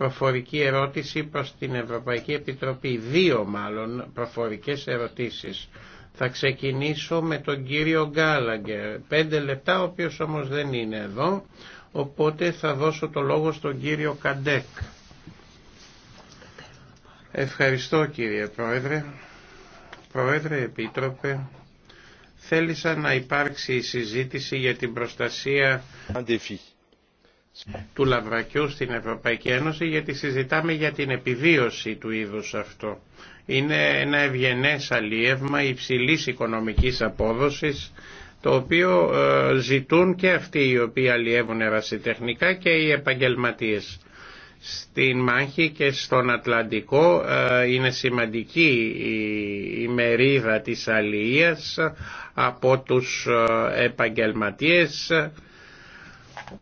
προφορική ερώτηση προς την Ευρωπαϊκή Επιτροπή. Δύο μάλλον προφορικές ερωτήσεις. Θα ξεκινήσω με τον κύριο Γκάλαγκερ. Πέντε λεπτά, ο οποίος όμως δεν είναι εδώ, οπότε θα δώσω το λόγο στον κύριο Καντέκ. Ευχαριστώ κύριε Πρόεδρε. Πρόεδρε Επίτροπε, θέλησα να υπάρξει η συζήτηση για την προστασία του λαβρακιού στην Ευρωπαϊκή Ένωση γιατί συζητάμε για την επιβίωση του είδους αυτό. Είναι ένα ευγενές αλίευμα υψηλής οικονομικής απόδοσης το οποίο ε, ζητούν και αυτοί οι οποίοι αλλιεύουν ερασιτεχνικά και οι επαγγελματίες. Στην μάχη και στον Ατλαντικό ε, είναι σημαντική η μερίδα της αλληλείας από τους ε, επαγγελματίες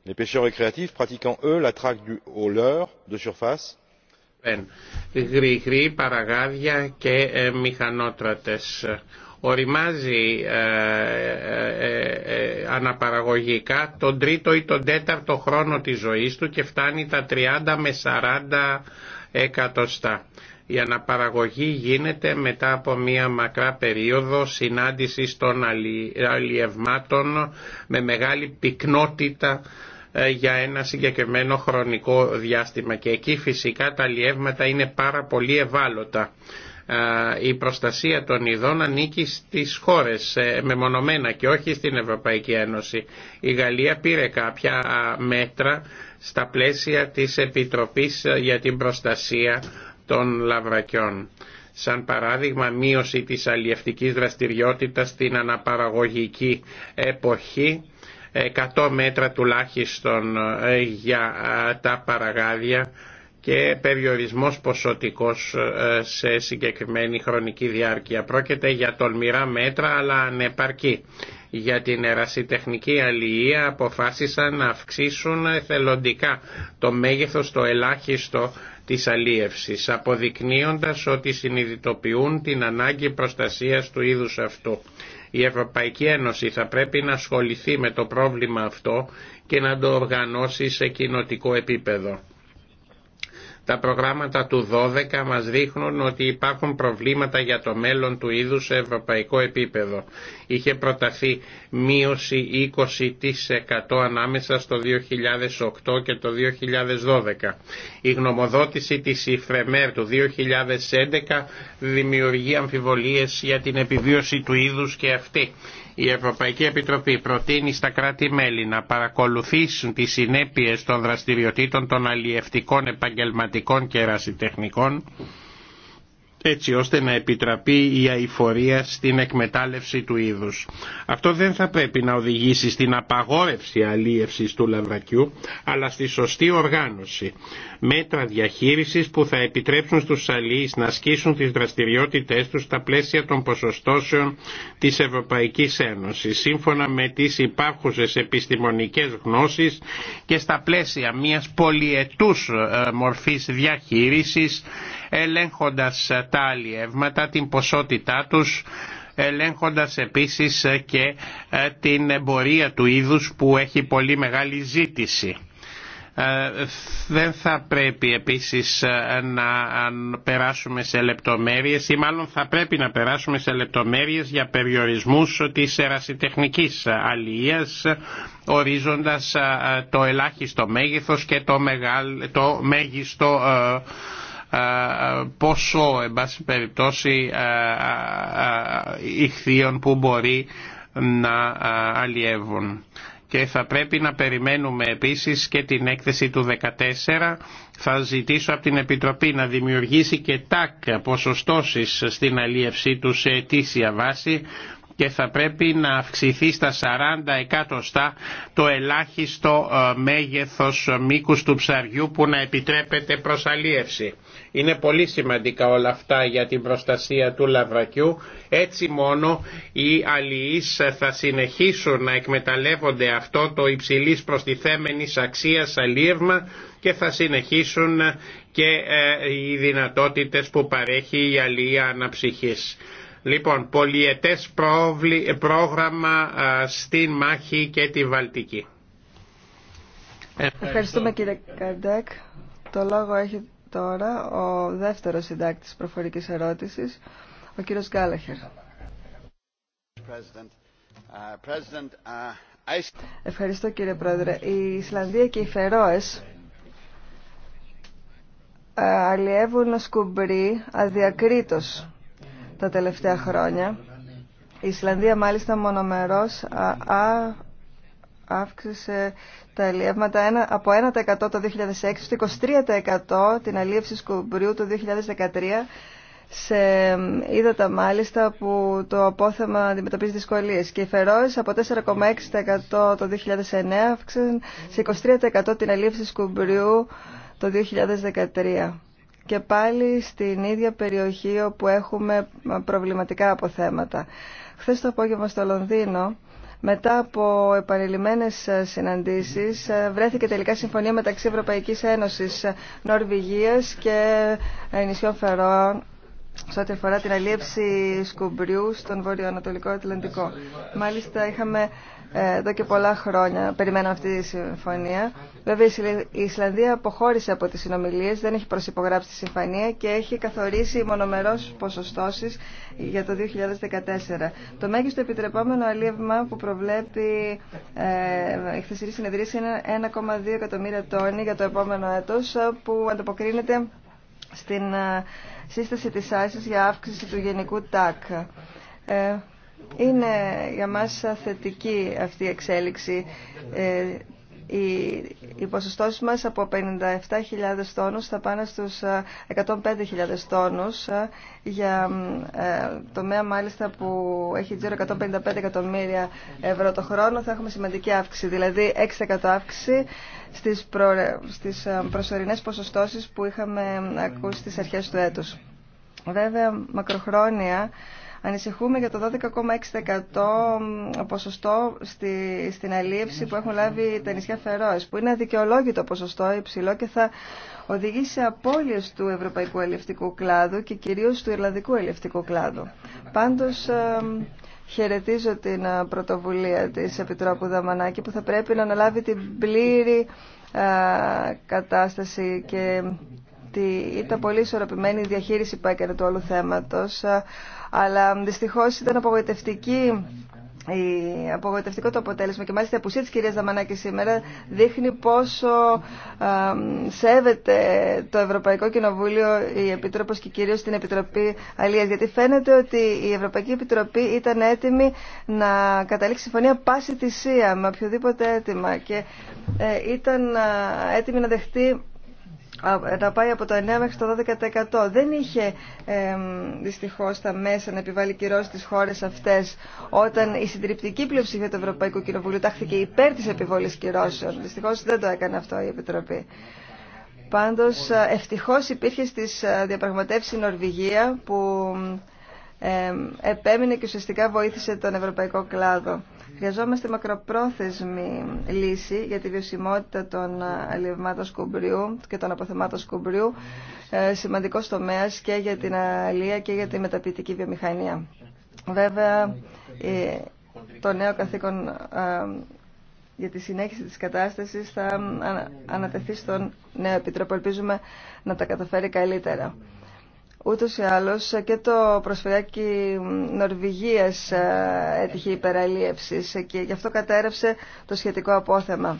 les pêcheurs récréatifs pratiquant eux la traque de surface γρηγροί παραγάδια και ε, Οριμάζει ε ε, ε, ε, αναπαραγωγικά τον τρίτο ή τον τέταρτο χρόνο της ζωής του και φτάνει τα 30 με 40 εκατοστά. Η αναπαραγωγή γίνεται μετά από μία μακρά περίοδο συνάντησης των αλλιευμάτων με μεγάλη πυκνότητα ε, για ένα συγκεκριμένο χρονικό διάστημα και εκεί φυσικά τα αλλιεύματα είναι πάρα πολύ ευάλωτα. Ε, η προστασία των ειδών ανήκει στις χώρες ε, μεμονωμένα και όχι στην Ευρωπαϊκή Ένωση. Η Γαλλία πήρε κάποια μέτρα στα πλαίσια της Επιτροπής για την Προστασία των λαβρακιών. Σαν παράδειγμα μείωση της αλλιευτικής δραστηριότητας στην αναπαραγωγική εποχή 100 μέτρα τουλάχιστον ε, για ε, τα παραγάδια και περιορισμός ποσοτικός ε, σε συγκεκριμένη χρονική διάρκεια. Πρόκειται για τολμηρά μέτρα αλλά ανεπαρκή. Για την ερασιτεχνική αλληλεία αποφάσισαν να αυξήσουν εθελοντικά το μέγεθος, το ελάχιστο της αλίευσης, αποδεικνύοντας ότι συνειδητοποιούν την ανάγκη προστασίας του είδους αυτού. Η Ευρωπαϊκή Ένωση θα πρέπει να ασχοληθεί με το πρόβλημα αυτό και να το οργανώσει σε κοινοτικό επίπεδο. Τα προγράμματα του 12 μας δείχνουν ότι υπάρχουν προβλήματα για το μέλλον του είδους σε ευρωπαϊκό επίπεδο. Είχε προταθεί μείωση 20% ανάμεσα στο 2008 και το 2012. Η γνωμοδότηση της ΙΦΡΕΜΕΡ του 2011 δημιουργεί αμφιβολίες για την επιβίωση του είδους και αυτή. Η Ευρωπαϊκή Επιτροπή προτείνει στα κράτη-μέλη να παρακολουθήσουν τις συνέπειες των δραστηριοτήτων των αλλιευτικών επαγγελματικών και ερασιτεχνικών έτσι ώστε να επιτραπεί η αηφορία στην εκμετάλλευση του είδους. Αυτό δεν θα πρέπει να οδηγήσει στην απαγόρευση αλίευσης του λαβρακιού, αλλά στη σωστή οργάνωση. Μέτρα διαχείρισης που θα επιτρέψουν στους αλίες να ασκήσουν τις δραστηριότητές τους στα πλαίσια των ποσοστώσεων της Ευρωπαϊκής Ένωσης, σύμφωνα με τις υπάρχουσες επιστημονικές γνώσεις και στα πλαίσια μιας πολυετούς ε, μορφής διαχείρισης ελέγχοντας τα αλλιεύματα, την ποσότητά τους, ελέγχοντας επίσης και ε, την εμπορία του είδους που έχει πολύ μεγάλη ζήτηση. Ε, δεν θα πρέπει επίσης ε, να περάσουμε σε λεπτομέρειες ή μάλλον θα πρέπει να περάσουμε σε λεπτομέρειες για περιορισμούς της ερασιτεχνικής αλληλείας ορίζοντας το ελάχιστο μέγεθος και το, μεγάλο, το μέγιστο ε, ποσό, εν πάση περιπτώσει, ε, ε, ηχθείων που μπορεί να αλλιεύουν. Και θα πρέπει να περιμένουμε επίσης και την έκθεση του 14. Θα ζητήσω από την Επιτροπή να δημιουργήσει και τάκ ποσοστώσεις στην αλίευσή του σε αιτήσια βάση και θα πρέπει να αυξηθεί στα 40 εκατοστά το ελάχιστο ε, μέγεθος μήκους του ψαριού που να επιτρέπεται προσαλίευση. Είναι πολύ σημαντικά όλα αυτά για την προστασία του λαβρακιού. Έτσι μόνο οι αλληλείς θα συνεχίσουν να εκμεταλλεύονται αυτό το υψηλής προστιθέμενης αξίας αλίευμα και θα συνεχίσουν και ε, οι δυνατότητες που παρέχει η αλληλεία αναψυχής. Λοιπόν, πολιετές πρόγραμμα στην Μάχη και τη Βαλτική. Ευχαριστούμε κύριε Καρντέκ. Το λόγο έχει τώρα ο δεύτερος συντάκτης προφορικής ερώτησης, ο κύριος Γκάλαχερ. Uh, uh, Ευχαριστώ κύριε Πρόεδρε. Η Ισλανδία και οι Φερόες ε, αλλιεύουν σκουμπρί αδιακρίτως τα τελευταία χρόνια. Η Ισλανδία μάλιστα μονομερός α, αύξησε τα αλλιεύματα από 1% το 2006 στο 23% την αλλίευση σκουμπριού το 2013 σε είδατα μάλιστα που το απόθεμα αντιμετωπίζει δυσκολίε και οι Φερόες από 4,6% το 2009 αύξησαν σε 23% την αλλίευση σκουμπριού το 2013 και πάλι στην ίδια περιοχή όπου έχουμε προβληματικά αποθέματα. Χθε το απόγευμα στο Λονδίνο, μετά από επανειλημμένες συναντήσεις, βρέθηκε τελικά συμφωνία μεταξύ Ευρωπαϊκής Ένωσης Νορβηγίας και νησιών Φερόων σε ό,τι αφορά την αλίευση σκουμπριού στον βορειοανατολικό Ατλαντικό. Μάλιστα είχαμε ε, εδώ και πολλά χρόνια περιμένω αυτή τη συμφωνία. Βέβαια η Ισλανδία αποχώρησε από τις συνομιλίες, δεν έχει προσυπογράψει τη συμφωνία και έχει καθορίσει μονομερώς ποσοστώσεις για το 2014. Το μέγιστο επιτρεπόμενο αλίευμα που προβλέπει ε, η χθεσινή συνεδρίαση είναι 1,2 εκατομμύρια τόνοι για το επόμενο έτος που ανταποκρίνεται στην ε, σύσταση της ΆΙΣΙΣ για αύξηση του γενικού ΤΑΚ. Είναι για μας θετική αυτή η εξέλιξη. Ε, οι, οι ποσοστώσεις μας από 57.000 τόνους θα πάνε στους 105.000 ε, τόνους ε, για τομέα μάλιστα που έχει τζίρο 155 εκατομμύρια ευρώ το χρόνο θα έχουμε σημαντική αύξηση, δηλαδή 6% αύξηση στις, προ, στις προσωρινές ποσοστώσεις που είχαμε ακούσει στις αρχές του έτους. Βέβαια, μακροχρόνια Ανησυχούμε για το 12,6% ποσοστό στη, στην αλίευση που έχουν λάβει τα νησιά Φερόες, που είναι αδικαιολόγητο ποσοστό υψηλό και θα οδηγήσει σε απώλειες του ευρωπαϊκού ελευτικού κλάδου και κυρίως του ιρλανδικού ελευτικού κλάδου. Πάντως, χαιρετίζω την ε, πρωτοβουλία της Επιτρόπου Δαμανάκη που θα πρέπει να αναλάβει την πλήρη ε, κατάσταση και τη, ήταν πολύ ισορροπημένη διαχείριση που έκανε του όλου θέματος ε, αλλά δυστυχώς ήταν απογοητευτική η απογοητευτικό το αποτέλεσμα και μάλιστα η απουσία της κυρίας Δαμανάκη σήμερα δείχνει πόσο σέβεται το Ευρωπαϊκό Κοινοβούλιο η Επίτροπος και κυρίως την Επιτροπή Αλίας γιατί φαίνεται ότι η Ευρωπαϊκή Επιτροπή ήταν έτοιμη να καταλήξει συμφωνία πάση θυσία με οποιοδήποτε αίτημα και ε, ήταν έτοιμη να δεχτεί να πάει από το 9 μέχρι το 12%. Δεν είχε ε, δυστυχώς τα μέσα να επιβάλλει κυρώσει στις χώρες αυτές όταν η συντριπτική πλειοψηφία του Ευρωπαϊκού Κοινοβουλίου τάχθηκε υπέρ της επιβόλης κυρώσεων. Δυστυχώς δεν το έκανε αυτό η Επιτροπή. Πάντως ευτυχώς υπήρχε στις διαπραγματεύσεις η Νορβηγία που ε, επέμεινε και ουσιαστικά βοήθησε τον ευρωπαϊκό κλάδο. Χρειαζόμαστε μακροπρόθεσμη λύση για τη βιωσιμότητα των αλληλευμάτων σκουμπριού και των αποθεμάτων σκουμπριού, ε, σημαντικός τομέας και για την αλληλεία και για τη μεταποιητική βιομηχανία. Βέβαια, το νέο καθήκον ε, για τη συνέχιση της κατάστασης θα ε, ανατεθεί στον νέο επιτρόπο. Ελπίζουμε να τα καταφέρει καλύτερα. Ούτως ή άλλως και το προσφυγάκι Νορβηγίας ε, έτυχε υπεραλίευσης και γι' αυτό κατέρευσε το σχετικό απόθεμα.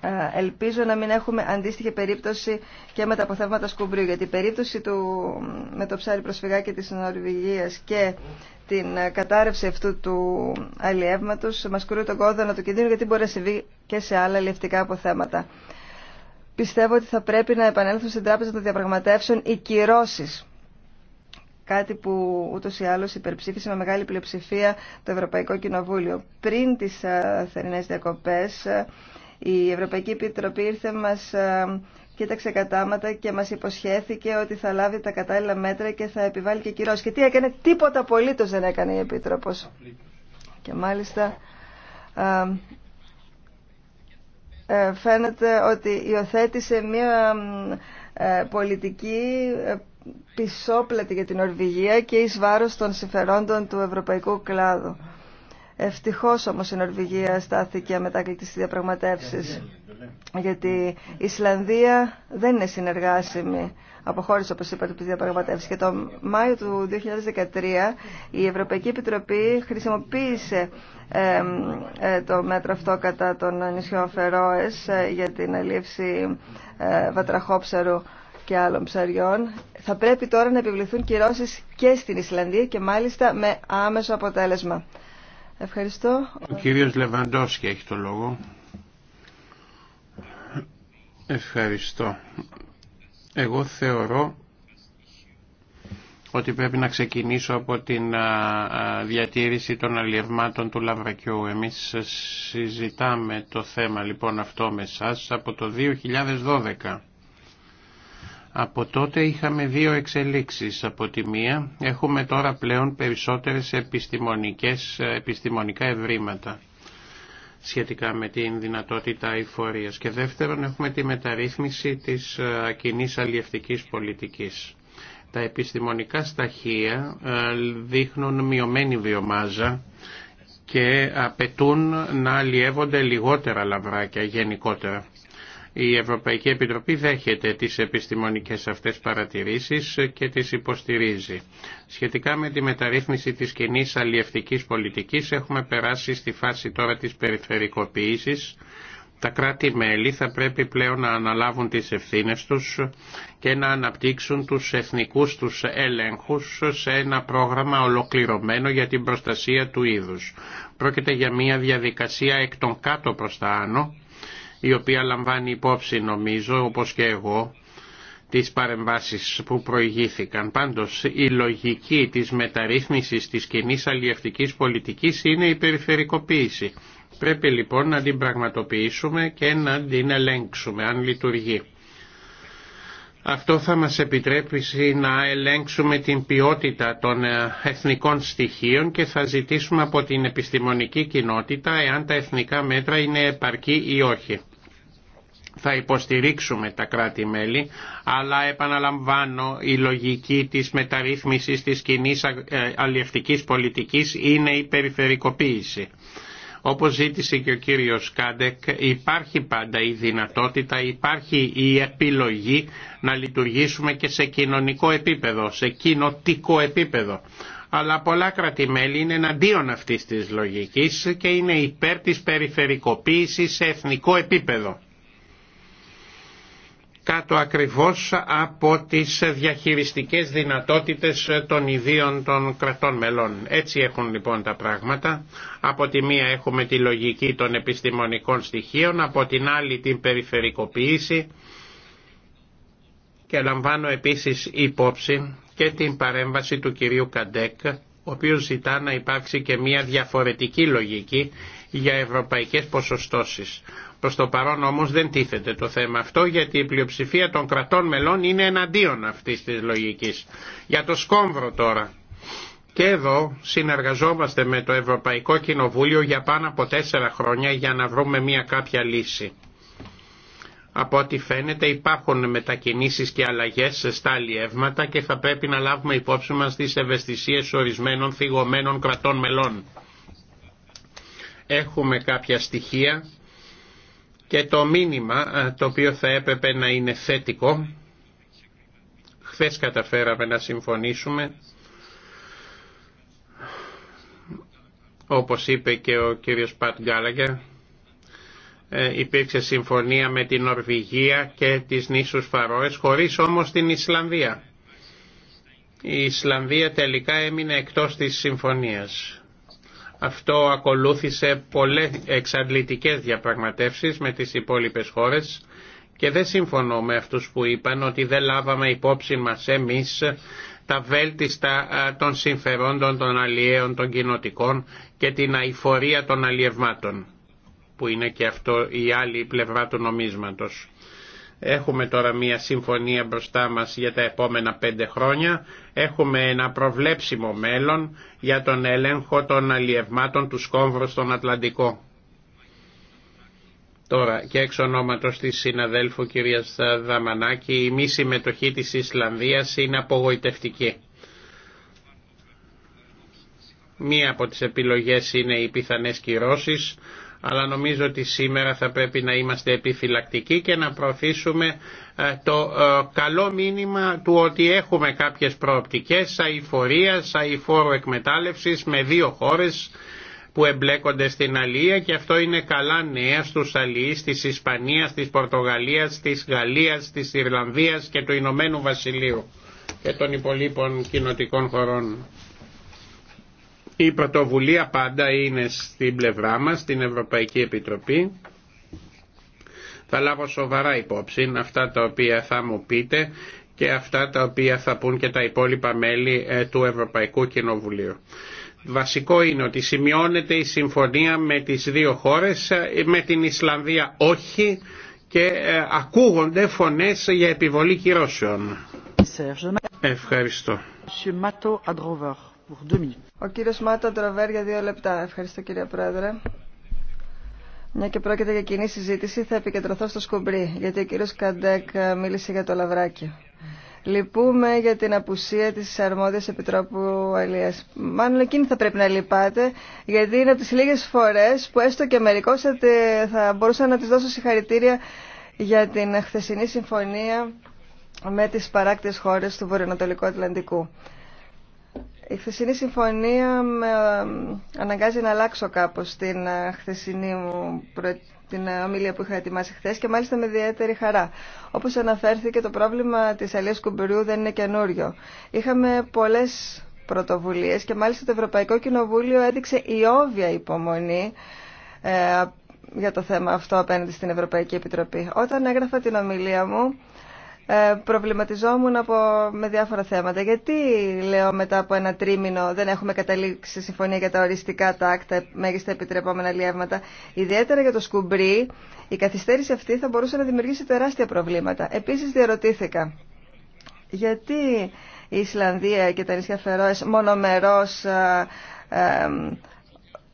Ε, ελπίζω να μην έχουμε αντίστοιχη περίπτωση και με τα αποθέματα σκουμπρίου, γιατί η περίπτωση του, με το ψάρι προσφυγάκι της Νορβηγίας και την ε, κατάρρευση αυτού του αλλιεύματος μας κρούει τον κόδωνα του κινδύνου, γιατί μπορεί να συμβεί και σε άλλα αλλιευτικά αποθέματα. Πιστεύω ότι θα πρέπει να επανέλθουν στην Τράπεζα των Διαπραγματεύσεων οι κυρώσεις κάτι που ούτως ή άλλως υπερψήφισε με μεγάλη πλειοψηφία το Ευρωπαϊκό Κοινοβούλιο. Πριν τις ε, θερινές διακοπές, ε, η Ευρωπαϊκή Επιτροπή ήρθε μας ε, κοίταξε κατάματα και μας υποσχέθηκε ότι θα λάβει τα κατάλληλα μέτρα και θα επιβάλλει και κυρώσεις. Και τι έκανε, τίποτα απολύτως δεν έκανε η Επίτροπος. Και μάλιστα φαίνεται ότι υιοθέτησε μια πολιτική πισόπλατη για την Νορβηγία και εις βάρος των συμφερόντων του ευρωπαϊκού κλάδου. Ευτυχώς όμως η Νορβηγία στάθηκε αμετάκλητη στις διαπραγματεύσεις, γιατί η Ισλανδία δεν είναι συνεργάσιμη από όπως είπατε τις διαπραγματεύσεις. Και το Μάιο του 2013 η Ευρωπαϊκή Επιτροπή χρησιμοποίησε ε, το μέτρο αυτό κατά των νησιών Φερόες ε, για την αλήψη ε, βατραχόψερου και άλλων ψαριών, θα πρέπει τώρα να επιβληθούν κυρώσει και στην Ισλανδία και μάλιστα με άμεσο αποτέλεσμα. Ευχαριστώ. Ο κύριος Λεβαντόσκη έχει το λόγο. Ευχαριστώ. Εγώ θεωρώ ότι πρέπει να ξεκινήσω από την διατήρηση των αλλιευμάτων του Λαβρακιού. Εμείς συζητάμε το θέμα λοιπόν αυτό με σας από το 2012. Από τότε είχαμε δύο εξελίξεις. Από τη μία έχουμε τώρα πλέον περισσότερες επιστημονικές, επιστημονικά ευρήματα σχετικά με την δυνατότητα ειφορίας. Και δεύτερον έχουμε τη μεταρρύθμιση της ε, κοινή αλλιευτικής πολιτικής. Τα επιστημονικά σταχεία ε, δείχνουν μειωμένη βιομάζα και απαιτούν να αλλιεύονται λιγότερα λαβράκια γενικότερα. Η Ευρωπαϊκή Επιτροπή δέχεται τις επιστημονικές αυτές παρατηρήσεις και τις υποστηρίζει. Σχετικά με τη μεταρρύθμιση της κοινή αλλιευτικής πολιτικής έχουμε περάσει στη φάση τώρα της περιφερικοποίησης. Τα κράτη-μέλη θα πρέπει πλέον να αναλάβουν τις ευθύνες τους και να αναπτύξουν τους εθνικούς τους έλεγχους σε ένα πρόγραμμα ολοκληρωμένο για την προστασία του είδους. Πρόκειται για μια διαδικασία εκ των κάτω προς τα άνω η οποία λαμβάνει υπόψη νομίζω όπως και εγώ τις παρεμβάσεις που προηγήθηκαν. Πάντως η λογική της μεταρρύθμισης της κοινή αλλιευτικής πολιτικής είναι η περιφερικοποίηση. Πρέπει λοιπόν να την πραγματοποιήσουμε και να την ελέγξουμε αν λειτουργεί. Αυτό θα μας επιτρέψει να ελέγξουμε την ποιότητα των ε, εθνικών στοιχείων και θα ζητήσουμε από την επιστημονική κοινότητα εάν τα εθνικά μέτρα είναι επαρκή ή όχι θα υποστηρίξουμε τα κράτη-μέλη, αλλά επαναλαμβάνω η λογική της μεταρρύθμισης της κοινή ε, αλλιευτικής πολιτικής είναι η περιφερικοποίηση. Όπως ζήτησε και ο κύριος Κάντεκ, υπάρχει πάντα η δυνατότητα, υπάρχει η επιλογή να λειτουργήσουμε και σε κοινωνικό επίπεδο, σε κοινοτικό επίπεδο αλλά πολλά κράτη-μέλη είναι εναντίον αυτής της λογικής και είναι υπέρ της περιφερικοποίησης σε εθνικό επίπεδο κάτω ακριβώς από τις διαχειριστικές δυνατότητες των ιδίων των κρατών μελών. Έτσι έχουν λοιπόν τα πράγματα. Από τη μία έχουμε τη λογική των επιστημονικών στοιχείων, από την άλλη την περιφερικοποίηση και λαμβάνω επίσης υπόψη και την παρέμβαση του κυρίου Καντέκ, ο οποίος ζητά να υπάρξει και μια διαφορετική λογική για ευρωπαϊκές ποσοστώσεις. Προς το παρόν όμως δεν τίθεται το θέμα αυτό γιατί η πλειοψηφία των κρατών μελών είναι εναντίον αυτής της λογικής. Για το σκόμβρο τώρα. Και εδώ συνεργαζόμαστε με το Ευρωπαϊκό Κοινοβούλιο για πάνω από τέσσερα χρόνια για να βρούμε μια κάποια λύση. Από ό,τι φαίνεται υπάρχουν μετακινήσεις και αλλαγές σε στάλιεύματα και θα πρέπει να λάβουμε υπόψη μας τις ευαισθησίες ορισμένων θυγωμένων κρατών μελών. Έχουμε κάποια στοιχεία και το μήνυμα το οποίο θα έπρεπε να είναι θετικό, χθες καταφέραμε να συμφωνήσουμε, όπως είπε και ο κύριος Πατ Γκάλαγκερ, ε, υπήρξε συμφωνία με την Νορβηγία και τις νήσους Φαρόες, χωρίς όμως την Ισλανδία. Η Ισλανδία τελικά έμεινε εκτός της συμφωνίας. Αυτό ακολούθησε πολλές εξαντλητικές διαπραγματεύσεις με τις υπόλοιπες χώρες και δεν συμφωνώ με αυτούς που είπαν ότι δεν λάβαμε υπόψη μας εμείς τα βέλτιστα των συμφερόντων των αλλιέων των κοινοτικών και την αηφορία των αλλιευμάτων που είναι και αυτό η άλλη πλευρά του νομίσματος. Έχουμε τώρα μία συμφωνία μπροστά μας για τα επόμενα πέντε χρόνια. Έχουμε ένα προβλέψιμο μέλλον για τον έλεγχο των αλλιευμάτων του σκόμβρου στον Ατλαντικό. Τώρα και εξ ονόματος της συναδέλφου κυρίας Δαμανάκη η μη συμμετοχή της Ισλανδίας είναι απογοητευτική. Μία από τις επιλογές είναι οι πιθανές κυρώσεις, αλλά νομίζω ότι σήμερα θα πρέπει να είμαστε επιφυλακτικοί και να προωθήσουμε ε, το ε, καλό μήνυμα του ότι έχουμε κάποιες προοπτικές αηφορίας, αηφόρου εκμετάλλευσης με δύο χώρες που εμπλέκονται στην Αλία και αυτό είναι καλά νέα στους Αλίες της Ισπανίας, της Πορτογαλίας, της Γαλλίας, της Ιρλανδίας και του Ηνωμένου Βασιλείου και των υπολείπων κοινοτικών χωρών. Η πρωτοβουλία πάντα είναι στην πλευρά μας, στην Ευρωπαϊκή Επιτροπή. Θα λάβω σοβαρά υπόψη αυτά τα οποία θα μου πείτε και αυτά τα οποία θα πούν και τα υπόλοιπα μέλη ε, του Ευρωπαϊκού Κοινοβουλίου. Βασικό είναι ότι σημειώνεται η συμφωνία με τις δύο χώρες, ε, με την Ισλανδία όχι και ε, ακούγονται φωνές για επιβολή κυρώσεων. Ευχαριστώ. Ο κύριος Μάτο Τροβέρ για δύο λεπτά. Ευχαριστώ κύριε Πρόεδρε. Μια και πρόκειται για κοινή συζήτηση, θα επικεντρωθώ στο σκουμπρί, γιατί ο κύριος Καντέκ ε, μίλησε για το λαβράκι. Λυπούμε για την απουσία της αρμόδιας Επιτρόπου Αλία. Μάλλον εκείνη θα πρέπει να λυπάτε, γιατί είναι από τις λίγες φορές που έστω και μερικώς θα μπορούσα να της δώσω συγχαρητήρια για την χθεσινή συμφωνία με τις παράκτες χώρες του Βορειοανατολικού Ατλαντικού. Η χθεσινή συμφωνία με ε, αναγκάζει να αλλάξω κάπως την ε, χθεσινή μου την ε, ομιλία που είχα ετοιμάσει χθε και μάλιστα με ιδιαίτερη χαρά. Όπως αναφέρθηκε το πρόβλημα της αλίας κουμπουριού δεν είναι καινούριο. Είχαμε πολλές πρωτοβουλίες και μάλιστα το Ευρωπαϊκό Κοινοβούλιο έδειξε η όβια υπομονή για το θέμα αυτό απέναντι στην Ευρωπαϊκή Επιτροπή. Όταν έγραφα την ομιλία μου ε, προβληματιζόμουν από, με διάφορα θέματα. Γιατί, λέω, μετά από ένα τρίμηνο δεν έχουμε καταλήξει συμφωνία για τα οριστικά τάκτα, μέγιστα επιτρεπόμενα λιεύματα. Ιδιαίτερα για το σκουμπρί, η καθυστέρηση αυτή θα μπορούσε να δημιουργήσει τεράστια προβλήματα. Επίσης, διαρωτήθηκα, γιατί η Ισλανδία και τα νησιά Φερόες μονομερός ε,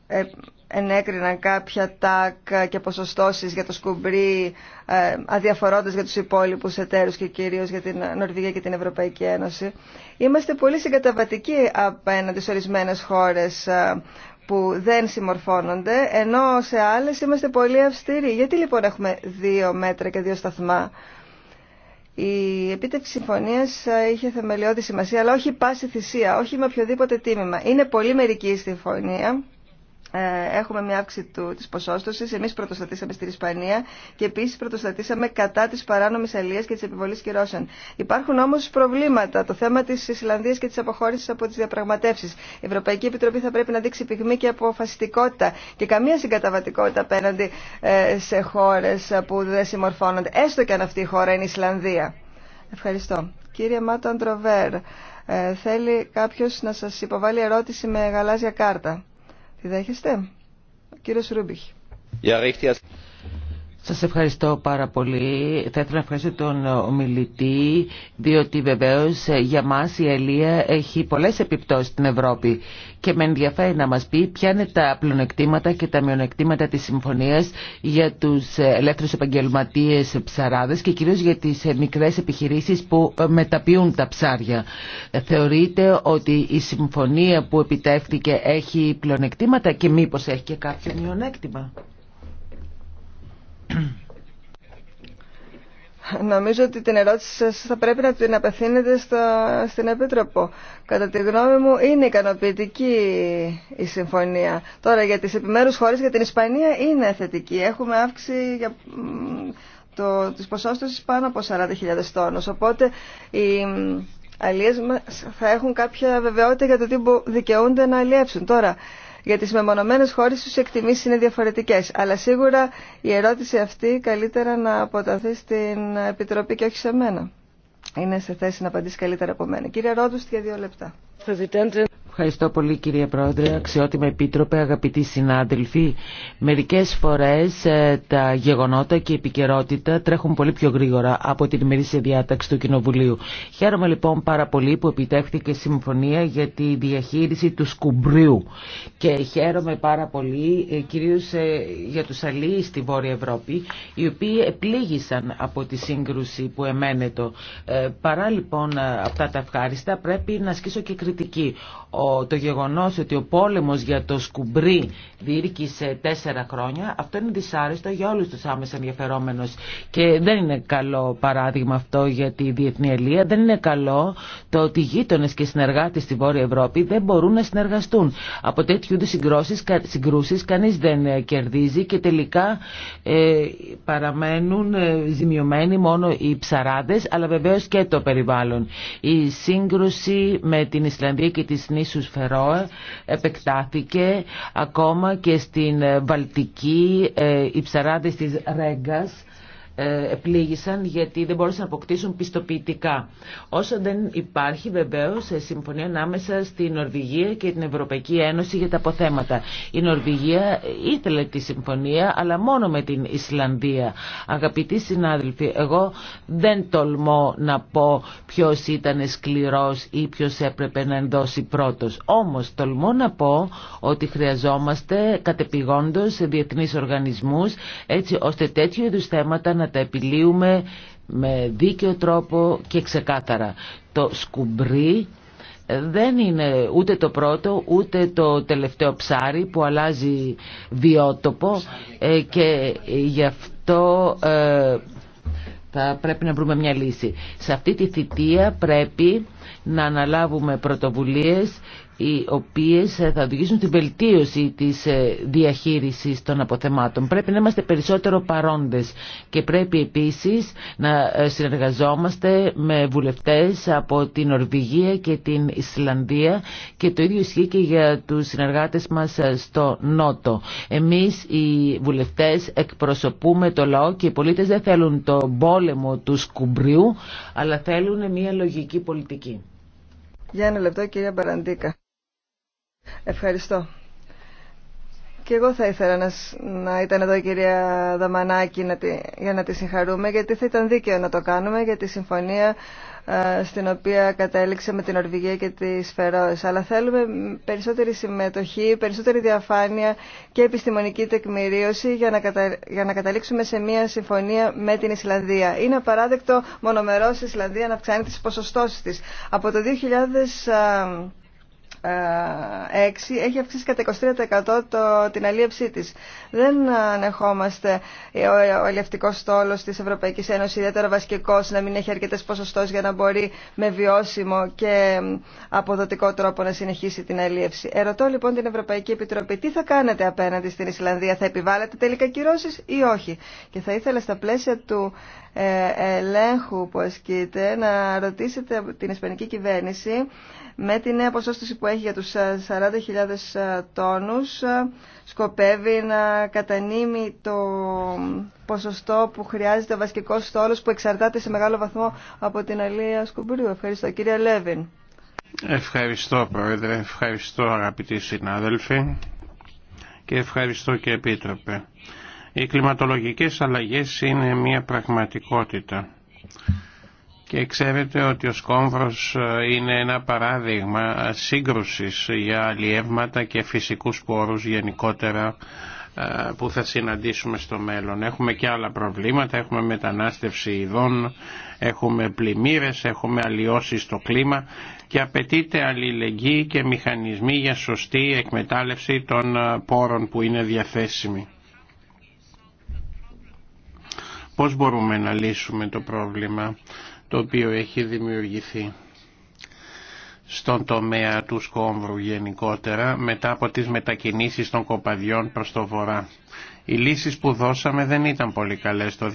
ε ενέκριναν κάποια τάκ και ποσοστώσεις για το σκουμπρί ε, αδιαφορώντας για τους υπόλοιπους εταίρους και κυρίως για την Νορβηγία και την Ευρωπαϊκή Ένωση. Είμαστε πολύ συγκαταβατικοί απέναντι σε ορισμένες χώρες ε, που δεν συμμορφώνονται, ενώ σε άλλες είμαστε πολύ αυστηροί. Γιατί λοιπόν έχουμε δύο μέτρα και δύο σταθμά. Η επίτευξη συμφωνία ε, είχε θεμελιώδη σημασία, αλλά όχι πάση θυσία, όχι με οποιοδήποτε τίμημα. Είναι πολύ μερική η συμφωνία ε, έχουμε μια αύξηση του, της ποσόστοσης. Εμείς πρωτοστατήσαμε στην Ισπανία και επίσης πρωτοστατήσαμε κατά της παράνομης αλίας και της επιβολής κυρώσεων. Υπάρχουν όμως προβλήματα. Το θέμα της Ισλανδίας και της αποχώρησης από τις διαπραγματεύσεις. Η Ευρωπαϊκή Επιτροπή θα πρέπει να δείξει πυγμή και αποφασιστικότητα και καμία συγκαταβατικότητα απέναντι ε, σε χώρες που δεν συμμορφώνονται. Έστω και αν αυτή η χώρα είναι η Ισλανδία. Ευχαριστώ. Κύριε Μάτο Αντροβέρ, ε, θέλει κάποιος να σας υποβάλει ερώτηση με γαλάζια κάρτα. Τη δέχεστε, ο κύριος Ρούμπιχ. Σας ευχαριστώ πάρα πολύ. Θα ήθελα να ευχαριστήσω τον ομιλητή, διότι βεβαίως για μας η Ελία έχει πολλές επιπτώσεις στην Ευρώπη και με ενδιαφέρει να μας πει ποια είναι τα πλονεκτήματα και τα μειονεκτήματα της συμφωνίας για τους ελεύθερους επαγγελματίες ψαράδες και κυρίως για τις μικρές επιχειρήσεις που μεταποιούν τα ψάρια. Θεωρείτε ότι η συμφωνία που επιτεύχθηκε έχει πλονεκτήματα και μήπως έχει και κάποιο μειονέκτημα. Νομίζω ότι την ερώτηση σας θα πρέπει να την απευθύνετε στην Επίτροπο. Κατά τη γνώμη μου είναι ικανοποιητική η συμφωνία. Τώρα για τις επιμέρους χώρες, για την Ισπανία είναι θετική. Έχουμε αύξηση για το, της ποσότητες πάνω από 40.000 τόνους. Οπότε οι αλλιές θα έχουν κάποια βεβαιότητα για το τι δικαιούνται να αλλιεύσουν. Τώρα, για τις μεμονωμένες χώρες τους εκτιμήσεις είναι διαφορετικές. Αλλά σίγουρα η ερώτηση αυτή καλύτερα να αποταθεί στην Επιτροπή και όχι σε μένα. Είναι σε θέση να απαντήσει καλύτερα από μένα. Κύριε Ρόντουστ για δύο λεπτά. Ευχαριστώ πολύ κύριε Πρόεδρε, αξιότιμα επίτροπε, αγαπητοί συνάδελφοι. Μερικές φορές ε, τα γεγονότα και η επικαιρότητα τρέχουν πολύ πιο γρήγορα από την ημερήσια διάταξη του Κοινοβουλίου. Χαίρομαι λοιπόν πάρα πολύ που επιτεύχθηκε συμφωνία για τη διαχείριση του σκουμπρίου και χαίρομαι πάρα πολύ ε, κυρίως ε, για τους αλλοί στη Βόρεια Ευρώπη οι οποίοι επλήγησαν από τη σύγκρουση που εμένετο. Παρά λοιπόν αυτά τα ευχάριστα πρέπει να ασκήσω και κριτική το γεγονός ότι ο πόλεμος για το σκουμπρί διήρκησε τέσσερα χρόνια, αυτό είναι δυσάρεστο για όλους τους άμεσα ενδιαφερόμενους. Και δεν είναι καλό παράδειγμα αυτό για τη διεθνή ελεία, δεν είναι καλό το ότι οι γείτονες και συνεργάτες στη Βόρεια Ευρώπη δεν μπορούν να συνεργαστούν. Από τέτοιου είδους συγκρούσεις κανείς δεν ε, κερδίζει και τελικά ε, παραμένουν ε, ζημιωμένοι μόνο οι ψαράδες, αλλά βεβαίως και το περιβάλλον. Η σύγκρουση με την Ισλανδία και τη νήσους Φερόε επεκτάθηκε ακόμα και στην Βαλτική, οι ε, ψαράδες της Ρέγκας ε, επλήγησαν γιατί δεν μπορούσαν να αποκτήσουν πιστοποιητικά. Όσο δεν υπάρχει βεβαίως ε, συμφωνία ανάμεσα στη Νορβηγία και την Ευρωπαϊκή Ένωση για τα αποθέματα. Η Νορβηγία ε, ήθελε τη συμφωνία αλλά μόνο με την Ισλανδία. Αγαπητοί συνάδελφοι, εγώ δεν τολμώ να πω ποιο ήταν σκληρό ή ποιο έπρεπε να ενδώσει πρώτο. Όμω, τολμώ να πω ότι χρειαζόμαστε κατεπηγόντως διεθνείς οργανισμού έτσι ώστε τέτοιου είδου θέματα να τα επιλύουμε με δίκαιο τρόπο και ξεκάθαρα. Το σκουμπρί δεν είναι ούτε το πρώτο ούτε το τελευταίο ψάρι που αλλάζει βιότοπο ε, και γι' αυτό ε, θα πρέπει να βρούμε μια λύση. Σε αυτή τη θητεία πρέπει να αναλάβουμε πρωτοβουλίες οι οποίες ε, θα οδηγήσουν την βελτίωση της ε, διαχείρισης των αποθεμάτων. Πρέπει να είμαστε περισσότερο παρόντες και πρέπει επίσης να ε, συνεργαζόμαστε με βουλευτές από την Νορβηγία και την Ισλανδία και το ίδιο ισχύει και για τους συνεργάτες μας στο Νότο. Εμείς οι βουλευτές εκπροσωπούμε το λαό και οι πολίτες δεν θέλουν το πόλεμο του σκουμπριού αλλά θέλουν μια λογική πολιτική. Για ένα λεπτό κυρία Μπαραντίκα. Ευχαριστώ. Και εγώ θα ήθελα να, ήταν εδώ η κυρία Δαμανάκη να τη, για να τη συγχαρούμε, γιατί θα ήταν δίκαιο να το κάνουμε για τη συμφωνία ε, στην οποία κατέληξε με την Ορβηγία και τις Φερόες. Αλλά θέλουμε περισσότερη συμμετοχή, περισσότερη διαφάνεια και επιστημονική τεκμηρίωση για να, για να καταλήξουμε σε μια συμφωνία με την Ισλανδία. Είναι απαράδεκτο μονομερός η Ισλανδία να αυξάνει τις ποσοστώσεις της. Από το 2000... Ε, έχει αυξήσει κατά 23% το, την αλίευσή της. Δεν ανεχόμαστε ε, ο, ο ελευτικός στόλος της Ευρωπαϊκής Ένωσης, ιδιαίτερα βασικός, να μην έχει αρκετές ποσοστός για να μπορεί με βιώσιμο και αποδοτικό τρόπο να συνεχίσει την αλίευση. Ερωτώ λοιπόν την Ευρωπαϊκή Επιτροπή, τι θα κάνετε απέναντι στην Ισλανδία, θα επιβάλλετε τελικά κυρώσεις ή όχι. Και θα ήθελα στα πλαίσια του ε, ελέγχου που ασκείτε να ρωτήσετε την Ισπανική κυβέρνηση με την νέα ποσόστοση που έχει για τους 40.000 ε, ε, τόνους ε, σκοπεύει να κατανείμει το ποσοστό που χρειάζεται ο βασικός στόλος που εξαρτάται σε μεγάλο βαθμό από την αλία σκουμπρίου. Ευχαριστώ κύριε Λέβιν. Ευχαριστώ Πρόεδρε, ευχαριστώ αγαπητοί συνάδελφοι και ευχαριστώ και Επίτροπε. Οι κλιματολογικές αλλαγές είναι μια πραγματικότητα και ξέρετε ότι ο σκόμβρος ε, είναι ένα παράδειγμα ε, σύγκρουσης για αλλιεύματα και φυσικούς πόρους γενικότερα ε, που θα συναντήσουμε στο μέλλον. Έχουμε και άλλα προβλήματα, έχουμε μετανάστευση ειδών, έχουμε πλημμύρες, έχουμε αλλοιώσει στο κλίμα και απαιτείται αλληλεγγύη και μηχανισμοί για σωστή εκμετάλλευση των πόρων που είναι διαθέσιμοι. Πώς μπορούμε να λύσουμε το πρόβλημα το οποίο έχει δημιουργηθεί στον τομέα του σκόμβρου γενικότερα μετά από τις μετακινήσεις των κοπαδιών προς το βορρά. Οι λύσεις που δώσαμε δεν ήταν πολύ καλές. Το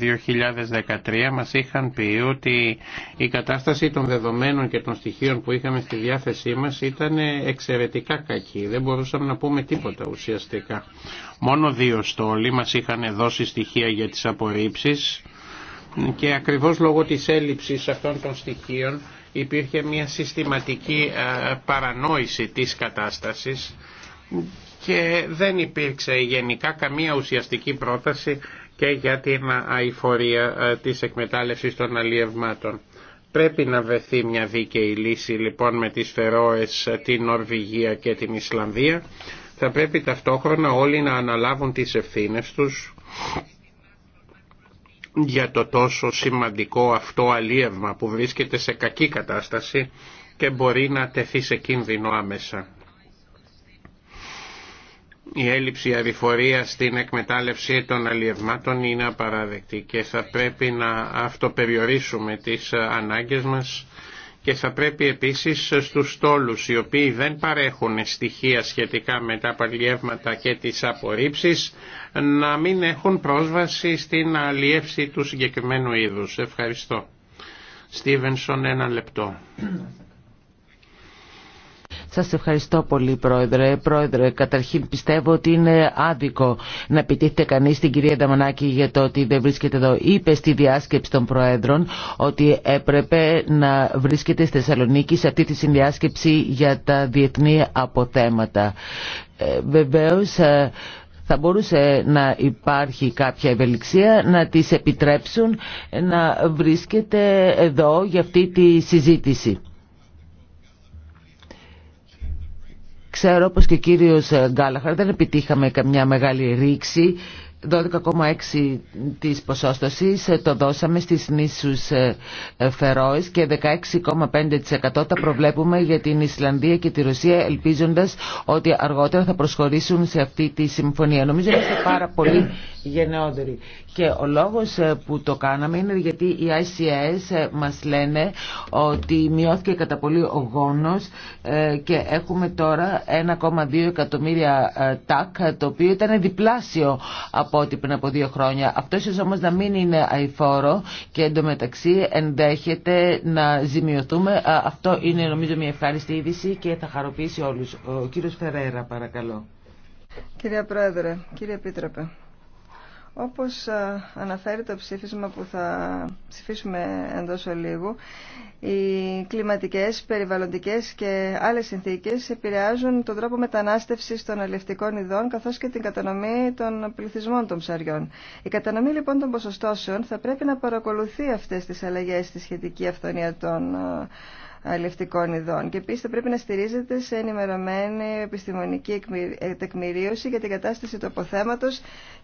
2013 μας είχαν πει ότι η κατάσταση των δεδομένων και των στοιχείων που είχαμε στη διάθεσή μας ήταν εξαιρετικά κακή. Δεν μπορούσαμε να πούμε τίποτα ουσιαστικά. Μόνο δύο στόλοι μας είχαν δώσει στοιχεία για τις απορρίψεις και ακριβώς λόγω της έλλειψης αυτών των στοιχείων υπήρχε μια συστηματική ε, παρανόηση της κατάστασης και δεν υπήρξε γενικά καμία ουσιαστική πρόταση και για την αηφορία ε, της εκμετάλλευσης των αλλιευμάτων. Πρέπει να βρεθεί μια δίκαιη λύση λοιπόν με τις Φερόες, ε, την Νορβηγία και την Ισλανδία. Θα πρέπει ταυτόχρονα όλοι να αναλάβουν τις ευθύνες τους για το τόσο σημαντικό αυτό αλίευμα που βρίσκεται σε κακή κατάσταση και μπορεί να τεθεί σε κίνδυνο άμεσα. Η έλλειψη αδιφορία στην εκμετάλλευση των αλλιευμάτων είναι απαράδεκτη και θα πρέπει να αυτοπεριορίσουμε τις ανάγκες μας και θα πρέπει επίσης στους στόλους οι οποίοι δεν παρέχουν στοιχεία σχετικά με τα παλιεύματα και τις απορρίψεις να μην έχουν πρόσβαση στην αλλιεύση του συγκεκριμένου είδους. Ευχαριστώ. Στίβενσον ένα λεπτό. Σας ευχαριστώ πολύ Πρόεδρε. Πρόεδρε, καταρχήν πιστεύω ότι είναι άδικο να επιτίθεται κανείς την κυρία Νταμανάκη για το ότι δεν βρίσκεται εδώ. Είπε στη διάσκεψη των Προέδρων ότι έπρεπε να βρίσκεται στη Θεσσαλονίκη σε αυτή τη συνδιάσκεψη για τα διεθνή αποθέματα. Ε, βεβαίως, ε, θα μπορούσε να υπάρχει κάποια ευελιξία να τις επιτρέψουν να βρίσκεται εδώ για αυτή τη συζήτηση. Ξέρω πως και ο κύριος ε, Γκάλαχαρ δεν επιτύχαμε καμιά μεγάλη ρήξη 12,6 της ποσόστοσης ε, το δώσαμε στις νήσους ε, ε, Φερόες και 16,5% τα προβλέπουμε για την Ισλανδία και τη Ρωσία ελπίζοντας ότι αργότερα θα προσχωρήσουν σε αυτή τη συμφωνία. Νομίζω είμαστε πάρα πολύ γενναιόδοροι. Και ο λόγος που το κάναμε είναι γιατί οι ICS μας λένε ότι μειώθηκε κατά πολύ ο γόνος και έχουμε τώρα 1,2 εκατομμύρια τάκ το οποίο ήταν διπλάσιο από από ό,τι πριν από δύο χρόνια. Αυτό ίσω όμω να μην είναι αηφόρο και εντωμεταξύ ενδέχεται να ζημιωθούμε. Αυτό είναι νομίζω μια ευχάριστη είδηση και θα χαροποιήσει όλους. Ο κύριος Φεραίρα παρακαλώ. Κυρία Πρόεδρε, κύριε Επίτροπε. Όπως ε, αναφέρει το ψήφισμα που θα ψηφίσουμε εντός ολίγου, οι κλιματικές, περιβαλλοντικές και άλλες συνθήκες επηρεάζουν τον τρόπο μετανάστευσης των αλληλευτικών ειδών καθώς και την κατανομή των πληθυσμών των ψαριών. Η κατανομή λοιπόν των ποσοστώσεων θα πρέπει να παρακολουθεί αυτές τις αλλαγές στη σχετική αυθονία των ε, αλληλευτικών ειδών. Και επίση θα πρέπει να στηρίζεται σε ενημερωμένη επιστημονική ε, τεκμηρίωση για την κατάσταση του αποθέματο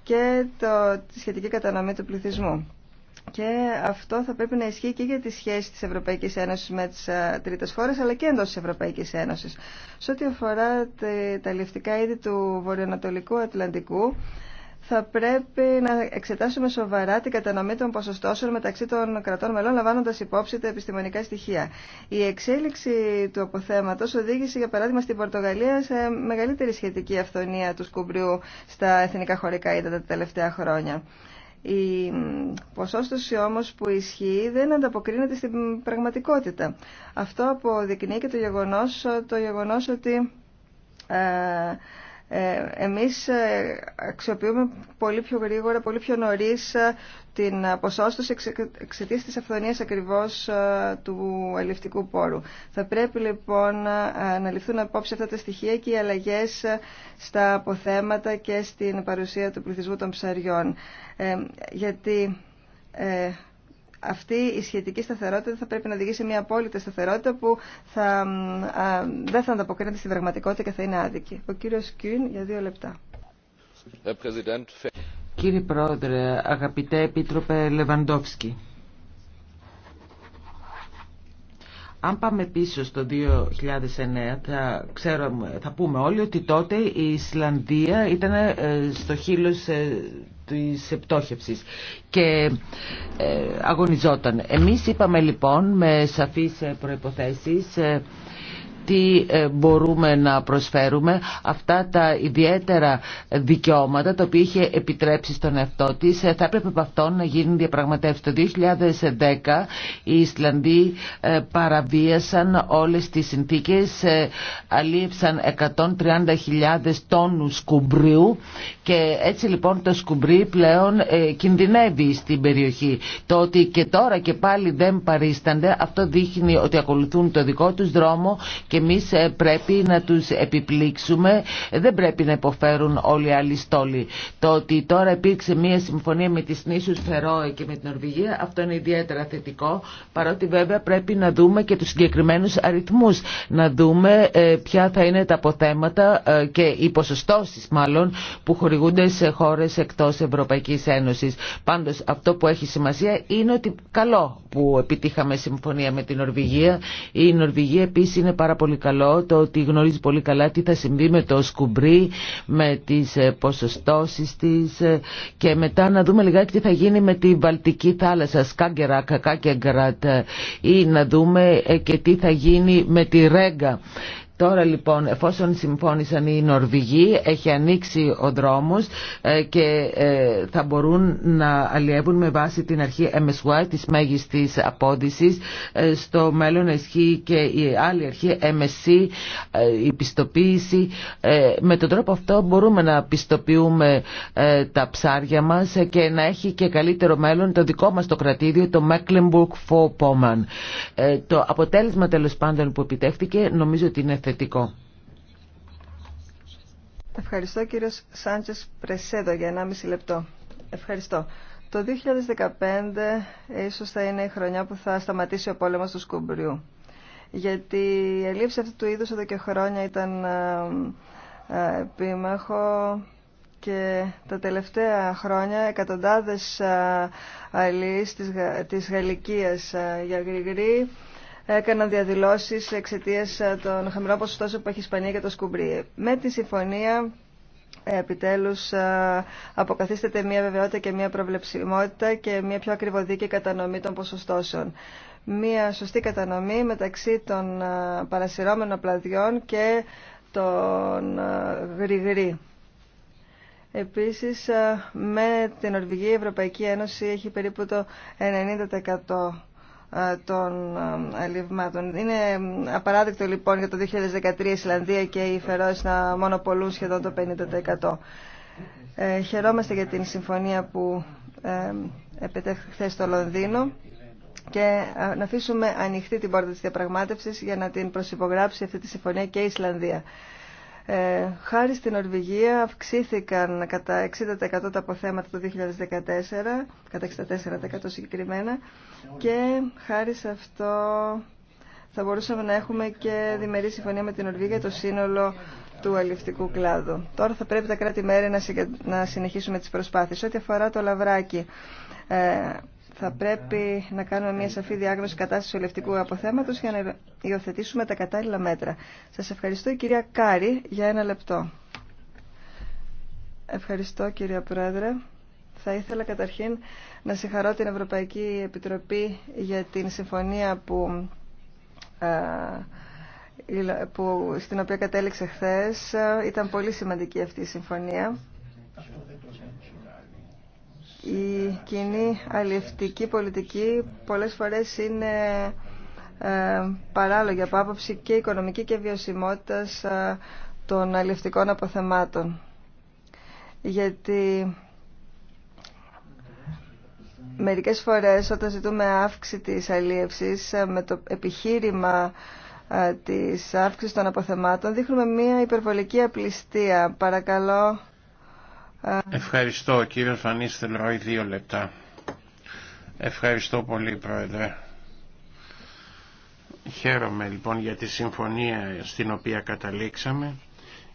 και το, τη σχετική κατανομή του πληθυσμού. Και αυτό θα πρέπει να ισχύει και για τη σχέση της Ευρωπαϊκής Ένωσης με τις ε, τρίτες χώρες, αλλά και εντός της Ευρωπαϊκής Ένωσης. Σε ό,τι αφορά τα ληφτικά είδη του βορειοανατολικού Ατλαντικού, θα πρέπει να εξετάσουμε σοβαρά την κατανομή των ποσοστώσεων μεταξύ των κρατών μελών, λαμβάνοντα υπόψη τα επιστημονικά στοιχεία. Η εξέλιξη του αποθέματο οδήγησε, για παράδειγμα, στην Πορτογαλία σε μεγαλύτερη σχετική αυθονία του σκουμπριού στα εθνικά χωρικά ύδατα τα τελευταία χρόνια. Η ποσόστοση όμως που ισχύει δεν ανταποκρίνεται στην πραγματικότητα. Αυτό αποδεικνύει και το γεγονός, το γεγονός ότι ε, ε, εμείς ε, αξιοποιούμε πολύ πιο γρήγορα, πολύ πιο νωρίς ε, την ποσόστοση εξαιτίας της αυθονίας ακριβώς του αλληλευτικού πόρου. Θα πρέπει λοιπόν να ληφθούν απόψε αυτά τα στοιχεία και οι αλλαγές στα αποθέματα και στην παρουσία του πληθυσμού των ψαριών. γιατί αυτή η σχετική σταθερότητα θα πρέπει να οδηγήσει σε μια απόλυτη σταθερότητα που θα, δεν θα ανταποκρίνεται στην πραγματικότητα και θα είναι άδικη. Ο κύριος Κιούν για δύο λεπτά. Κύριε Πρόεδρε, αγαπητέ Επίτροπε Λεβαντόφσκι, Αν πάμε πίσω στο 2009 θα, θα πούμε όλοι ότι τότε η Ισλανδία ήταν ε, στο χείλος ε, της επτόχευσης και ε, αγωνιζόταν. Εμείς είπαμε λοιπόν με σαφείς ε, προϋποθέσεις ε, τι ε, μπορούμε να προσφέρουμε αυτά τα ιδιαίτερα δικαιώματα τα οποία είχε επιτρέψει στον εαυτό τη. Ε, θα έπρεπε από αυτό να γίνουν διαπραγματεύσεις το 2010 οι Ισλανδοί ε, παραβίασαν όλες τις συνθήκες αλίευσαν 130.000 τόνους σκουμπρίου και έτσι λοιπόν το σκουμπρί πλέον κινδυνεύει στην περιοχή το ότι και τώρα και πάλι δεν παρίστανται αυτό δείχνει ότι ακολουθούν το δικό τους δρόμο και εμείς ε, πρέπει να τους επιπλήξουμε. Δεν πρέπει να υποφέρουν όλοι οι άλλοι στόλοι. Το ότι τώρα υπήρξε μια συμφωνία με τις νήσους Φερόε και με την Νορβηγία, αυτό είναι ιδιαίτερα θετικό, παρότι βέβαια πρέπει να δούμε και τους συγκεκριμένους αριθμούς, να δούμε ε, ποια θα είναι τα αποθέματα ε, και οι ποσοστώσεις μάλλον που χορηγούνται σε χώρες εκτός Ευρωπαϊκής Ένωσης. Πάντως αυτό που έχει σημασία είναι ότι καλό που επιτύχαμε συμφωνία με την Νορβηγία. Η Νορβηγία επίσης είναι πάρα πολύ καλό το ότι γνωρίζει πολύ καλά τι θα συμβεί με το σκουμπρί, με τις ε, ποσοστώσεις της ε, και μετά να δούμε λιγάκι τι θα γίνει με τη Βαλτική θάλασσα, Σκάγκερα, Κακάκεγκρατ ε, ή να δούμε και τι θα γίνει με τη Ρέγκα Τώρα λοιπόν εφόσον συμφώνησαν οι Νορβηγοί έχει ανοίξει ο δρόμος ε, και ε, θα μπορούν να αλλιεύουν με βάση την αρχή MSY της μέγιστης απόδυσης. Ε, στο μέλλον ισχύει και η άλλη αρχή MSC, η πιστοποίηση. Με τον τρόπο αυτό μπορούμε να πιστοποιούμε τα ψάρια μας και να έχει και καλύτερο μέλλον το δικό μας το κρατήδιο, το Mecklenburg-Vorpommern. Το αποτέλεσμα τέλος πάντων που επιτεύχθηκε νομίζω ότι είναι θετικό Ευχαριστώ κύριος Σάντζες Πρεσέδο για 1,5 λεπτό. Ευχαριστώ. Το 2015 ίσως θα είναι η χρονιά που θα σταματήσει ο πόλεμος του Σκουμπριού. Γιατί η ελλείψη αυτού του είδους εδώ και χρόνια ήταν ε, ε, επίμαχο και τα τελευταία χρόνια εκατοντάδες ε, αλείς της Γαλλικίας για γρηγρή έκαναν διαδηλώσεις εξαιτία ε, των χαμηλών ποσοστών που έχει η Ισπανία και το Σκουμπρί. Με τη συμφωνία ε, επιτέλους ε, αποκαθίσταται μια βεβαιότητα και μια προβλεψιμότητα και μια πιο ακριβωδική κατανομή των ποσοστώσεων. Μια σωστή κατανομή μεταξύ των παρασυρώμενων πλαδιών και των γρηγρή. Επίσης, με την Ορβηγία η Ευρωπαϊκή Ένωση έχει περίπου το 90% ε, των αλληλευμάτων. Ε, Είναι απαράδεκτο λοιπόν για το 2013 η Ισλανδία και οι Φερόες να μονοπολούν σχεδόν το 50%. Ε, χαιρόμαστε για την συμφωνία που ε, χθε στο Λονδίνο και να αφήσουμε ανοιχτή την πόρτα της διαπραγμάτευσης για να την προσυπογράψει αυτή τη συμφωνία και η Ισλανδία. Ε, χάρη στην Ορβηγία αυξήθηκαν κατά 60% τα αποθέματα το 2014, κατά 64% συγκεκριμένα, και χάρη σε αυτό θα μπορούσαμε να έχουμε και διμερή συμφωνία με την Ορβηγία για το σύνολο του αλληλευτικού κλάδου. Τώρα θα πρέπει τα κράτη-μέρη να συνεχίσουμε τις προσπάθειες. Ό,τι αφορά το λαβράκι, ε, θα πρέπει να κάνουμε μια σαφή διάγνωση κατάστασης ολευτικού αποθέματος για να υιοθετήσουμε τα κατάλληλα μέτρα. Σας ευχαριστώ κυρία Κάρη για ένα λεπτό. Ευχαριστώ κυρία Πρόεδρε. Θα ήθελα καταρχήν να συγχαρώ την Ευρωπαϊκή Επιτροπή για την συμφωνία που, που στην οποία κατέληξε χθε. Ήταν πολύ σημαντική αυτή η συμφωνία η κοινή αλληλευτική πολιτική πολλές φορές είναι ε, παράλογη από άποψη και οικονομική και βιωσιμότητας ε, των αλληλευτικών αποθεμάτων. Γιατί μερικές φορές όταν ζητούμε αύξηση της αλλήλευσης ε, με το επιχείρημα της αύξησης των αποθεμάτων δείχνουμε μια υπερβολική απληστία. Παρακαλώ Ευχαριστώ κύριε Φανίστελ Ροϊ, δύο λεπτά. Ευχαριστώ πολύ Πρόεδρε. Χαίρομαι λοιπόν για τη συμφωνία στην οποία καταλήξαμε,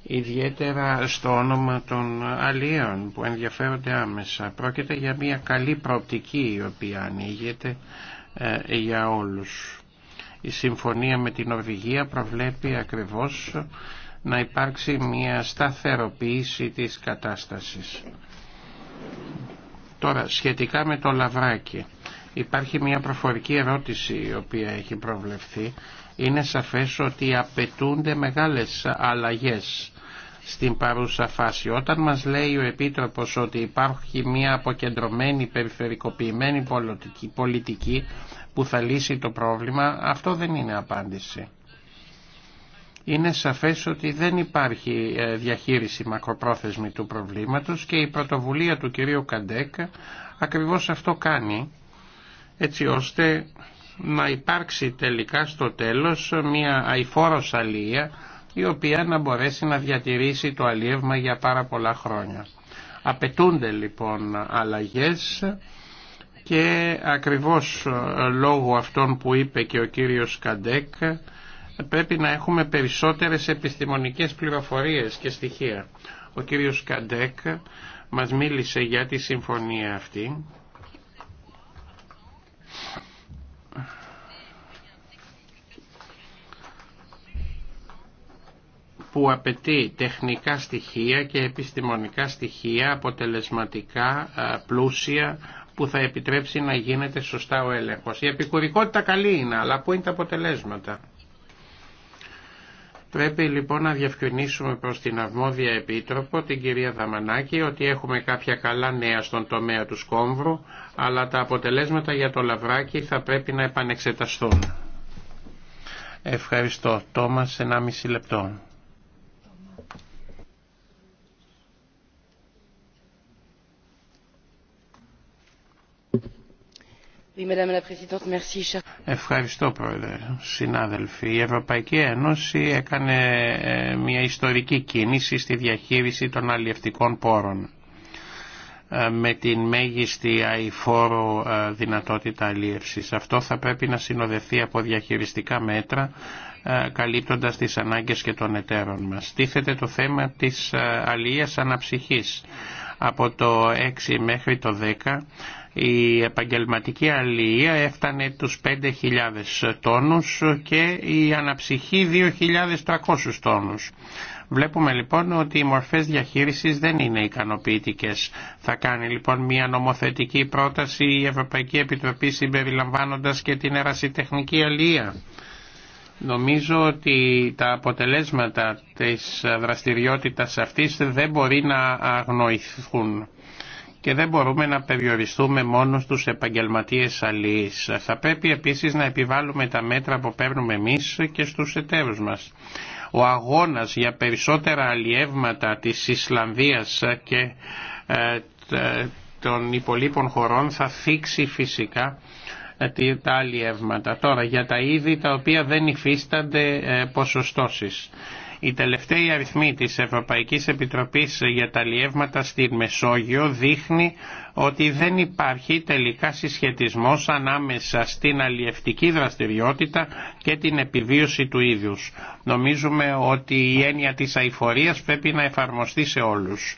ιδιαίτερα στο όνομα των αλλιέων που ενδιαφέρονται άμεσα. Πρόκειται για μια καλή προοπτική η οποία ανοίγεται ε, για όλους. Η συμφωνία με την Ορβηγία προβλέπει ακριβώς να υπάρξει μια σταθεροποίηση της κατάστασης. Τώρα, σχετικά με το λαβράκι, υπάρχει μια προφορική ερώτηση η οποία έχει προβλεφθεί. Είναι σαφές ότι απαιτούνται μεγάλες αλλαγές στην παρούσα φάση. Όταν μας λέει ο Επίτροπος ότι υπάρχει μια αποκεντρωμένη περιφερικοποιημένη πολιτική που θα λύσει το πρόβλημα, αυτό δεν είναι απάντηση είναι σαφές ότι δεν υπάρχει ε, διαχείριση μακροπρόθεσμη του προβλήματος και η πρωτοβουλία του κυρίου Καντέκ ακριβώς αυτό κάνει έτσι ώστε να υπάρξει τελικά στο τέλος μια αηφόρος αλία η οποία να μπορέσει να διατηρήσει το αλίευμα για πάρα πολλά χρόνια. Απαιτούνται λοιπόν αλλαγές και ακριβώς ε, λόγω αυτών που είπε και ο κύριος Καντέκ πρέπει να έχουμε περισσότερες επιστημονικές πληροφορίες και στοιχεία. Ο κύριος Καντέκ μας μίλησε για τη συμφωνία αυτή. που απαιτεί τεχνικά στοιχεία και επιστημονικά στοιχεία αποτελεσματικά, πλούσια, που θα επιτρέψει να γίνεται σωστά ο έλεγχος. Η επικουρικότητα καλή είναι, αλλά πού είναι τα αποτελέσματα. Πρέπει λοιπόν να διευκρινίσουμε προς την αρμόδια επίτροπο, την κυρία Δαμανάκη, ότι έχουμε κάποια καλά νέα στον τομέα του σκόμβρου, αλλά τα αποτελέσματα για το λαβράκι θα πρέπει να επανεξεταστούν. Ευχαριστώ. Τόμας, 1,5 λεπτό. Ευχαριστώ Πρόεδρε. Συνάδελφοι, η Ευρωπαϊκή Ένωση έκανε ε, μια ιστορική κίνηση στη διαχείριση των αλλιευτικών πόρων ε, με την μέγιστη αηφόρο ε, δυνατότητα αλλιεύσης. Αυτό θα πρέπει να συνοδευτεί από διαχειριστικά μέτρα καλύπτοντας τις ανάγκες και των εταίρων μας. Τίθεται το θέμα της αλλιείας αναψυχής. Από το 6 μέχρι το 10 η επαγγελματική αλληλεία έφτανε τους 5.000 τόνους και η αναψυχή 2.300 τόνους. Βλέπουμε λοιπόν ότι οι μορφές διαχείρισης δεν είναι ικανοποιητικές. Θα κάνει λοιπόν μια νομοθετική πρόταση η Ευρωπαϊκή Επιτροπή συμπεριλαμβάνοντας και την ερασιτεχνική αλληλεία. Νομίζω ότι τα αποτελέσματα της δραστηριότητας αυτής δεν μπορεί να αγνοηθούν και δεν μπορούμε να περιοριστούμε μόνο στους επαγγελματίες αλληλείς. Θα πρέπει επίσης να επιβάλλουμε τα μέτρα που παίρνουμε εμείς και στους εταίρους μας. Ο αγώνας για περισσότερα αλλιεύματα της Ισλανδίας και ε, των υπολείπων χωρών θα θίξει φυσικά ε, τα αλλιεύματα. Τώρα για τα είδη τα οποία δεν υφίστανται ε, ποσοστώσεις η τελευταία αριθμοί της Ευρωπαϊκής Επιτροπής για τα λιεύματα στην Μεσόγειο δείχνει ότι δεν υπάρχει τελικά συσχετισμός ανάμεσα στην αλλιευτική δραστηριότητα και την επιβίωση του ίδιους. Νομίζουμε ότι η έννοια της αηφορίας πρέπει να εφαρμοστεί σε όλους.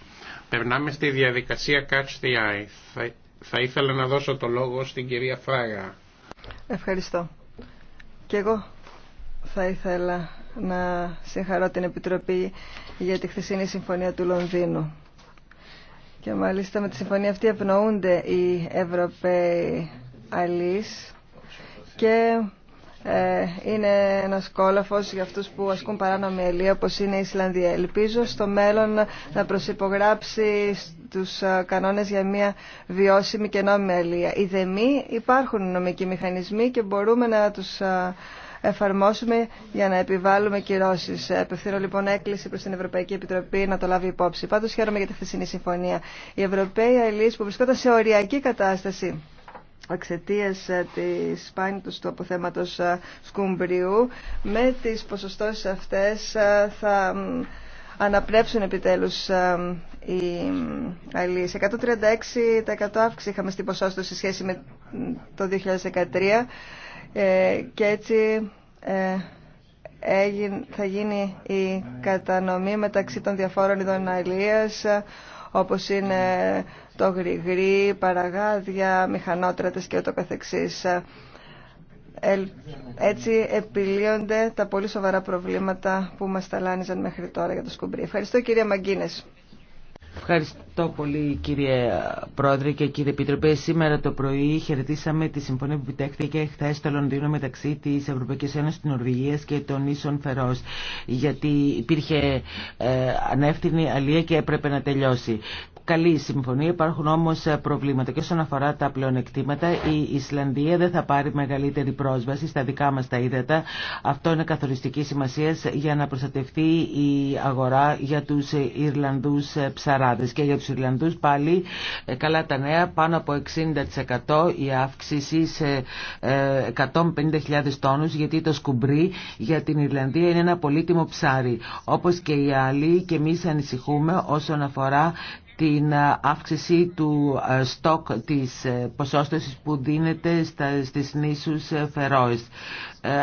Περνάμε στη διαδικασία Catch the Eye. Θα, θα ήθελα να δώσω το λόγο στην κυρία Φράγα. Ευχαριστώ. Και εγώ θα ήθελα να συγχαρώ την Επιτροπή για τη χθεσινή συμφωνία του Λονδίνου. Και μάλιστα με τη συμφωνία αυτή ευνοούνται οι Ευρωπαίοι αλείς και ε, είναι ένας κόλαφος για αυτούς που ασκούν παράνομη όπως είναι η Ισλανδία. Ελπίζω στο μέλλον να προσυπογράψει τους ε, κανόνες για μια βιώσιμη και νόμιμη ελεία. Οι δεμοί υπάρχουν νομικοί μηχανισμοί και μπορούμε να τους ε, εφαρμόσουμε για να επιβάλλουμε κυρώσει. Απευθύνω λοιπόν έκκληση προ την Ευρωπαϊκή Επιτροπή να το λάβει υπόψη. Πάντω χαίρομαι για τη χθεσινή συμφωνία. Οι Ευρωπαίοι αλληλεί που βρισκόταν σε οριακή κατάσταση εξαιτία ε, τη πάνη του αποθέματο ε, σκουμπριού, με τι ποσοστώσει αυτέ ε, θα αναπνεύσουν επιτέλους οι αλληλείς. 136% αύξηση είχαμε στην ποσόστοση σε σχέση με το 2013 ε, και έτσι ε, θα γίνει η κατανομή μεταξύ των διαφόρων ειδών αλίας, όπως είναι το γρηγρί, παραγάδια, μηχανότρατες και ούτω καθεξής. Έτσι επιλύονται τα πολύ σοβαρά προβλήματα που μας ταλάνιζαν μέχρι τώρα για το σκουμπρί. Ευχαριστώ κυρία Μαγκίνες. Ευχαριστώ πολύ κύριε Πρόεδρε και κύριε Επιτροπέ. Σήμερα το πρωί χαιρετήσαμε τη συμφωνία που επιτέχθηκε χθε στο Λονδίνο μεταξύ τη Ευρωπαϊκή Ένωση τη Νορβηγία και των Ίσων Φερό. Γιατί υπήρχε ε, ανεύθυνη αλία και έπρεπε να τελειώσει καλή συμφωνία, υπάρχουν όμως ε, προβλήματα και όσον αφορά τα πλεονεκτήματα η Ισλανδία δεν θα πάρει μεγαλύτερη πρόσβαση στα δικά μας τα ύδατα. Αυτό είναι καθοριστική σημασία για να προστατευτεί η αγορά για τους Ιρλανδούς ε, ψαράδες και για τους Ιρλανδούς πάλι ε, καλά τα νέα πάνω από 60% η αύξηση σε 150.000 τόνους γιατί το σκουμπρί για την Ιρλανδία είναι ένα πολύτιμο ψάρι. Όπως και οι άλλοι και εμείς ανησυχούμε όσον αφορά την αύξηση του στόκ ε, της ε, ποσόστασης που δίνεται στις νήσους ε, Φερόες.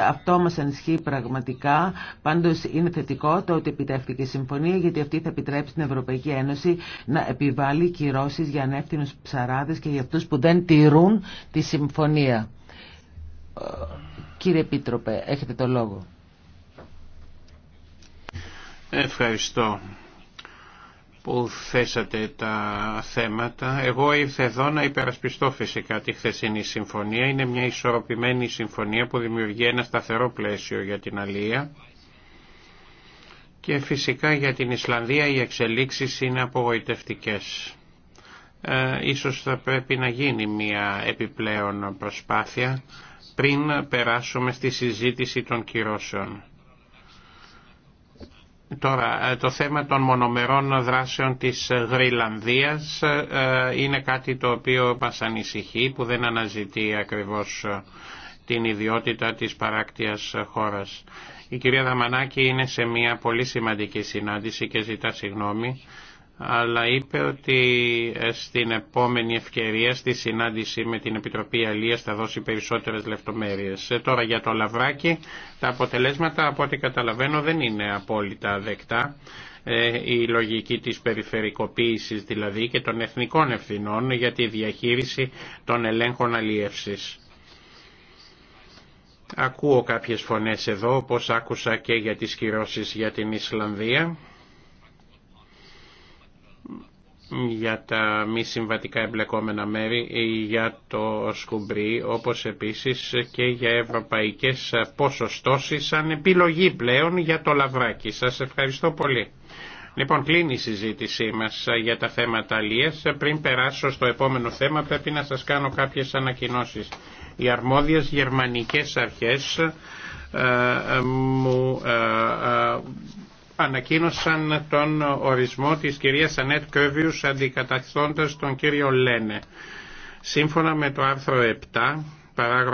Αυτό μας ανισχύει πραγματικά. Πάντως είναι θετικό το ότι επιτεύχθηκε η συμφωνία γιατί αυτή θα επιτρέψει την Ευρωπαϊκή Ένωση να επιβάλλει κυρώσεις για ανεύθυνους ψαράδες και για αυτούς που δεν τηρούν τη συμφωνία. Κύριε Επίτροπε, έχετε το λόγο. Ευχαριστώ που θέσατε τα θέματα. Εγώ ήρθα εδώ να υπερασπιστώ φυσικά τη χθεσινή συμφωνία. Είναι μια ισορροπημένη συμφωνία που δημιουργεί ένα σταθερό πλαίσιο για την αλία. Και φυσικά για την Ισλανδία οι εξελίξεις είναι απογοητευτικές. Ε, ίσως θα πρέπει να γίνει μια επιπλέον προσπάθεια πριν περάσουμε στη συζήτηση των κυρώσεων. Τώρα, ε, το θέμα των μονομερών δράσεων της Γρυλανδίας ε, είναι κάτι το οποίο μας ανησυχεί, που δεν αναζητεί ακριβώς ε, την ιδιότητα της παράκτιας χώρας. Η κυρία Δαμανάκη είναι σε μια πολύ σημαντική συνάντηση και ζητά συγγνώμη αλλά είπε ότι ε, στην επόμενη ευκαιρία, στη συνάντηση με την Επιτροπή Αλίας θα δώσει περισσότερες λεπτομέρειες. Ε, τώρα για το λαβράκι, τα αποτελέσματα από ό,τι καταλαβαίνω δεν είναι απόλυτα δεκτά. Ε, η λογική της περιφερικοποίησης δηλαδή και των εθνικών ευθυνών για τη διαχείριση των ελέγχων αλίευσης. Ακούω κάποιες φωνές εδώ, όπως άκουσα και για τις κυρώσεις για την Ισλανδία για τα μη συμβατικά εμπλεκόμενα μέρη για το σκουμπρί, όπως επίσης και για ευρωπαϊκές ποσοστώσεις σαν επιλογή πλέον για το λαβράκι. Σας ευχαριστώ πολύ. Λοιπόν, κλείνει η συζήτησή μας για τα θέματα αλίες. Πριν περάσω στο επόμενο θέμα πρέπει να σας κάνω κάποιες ανακοινώσεις. Οι αρμόδιες γερμανικές αρχές ε, ε, μου ε, ανακοίνωσαν τον ορισμό της κυρίας Ανέτ Κόβιους αντικαταστώντας τον κύριο Λένε. Σύμφωνα με το άρθρο 7, παράγραφο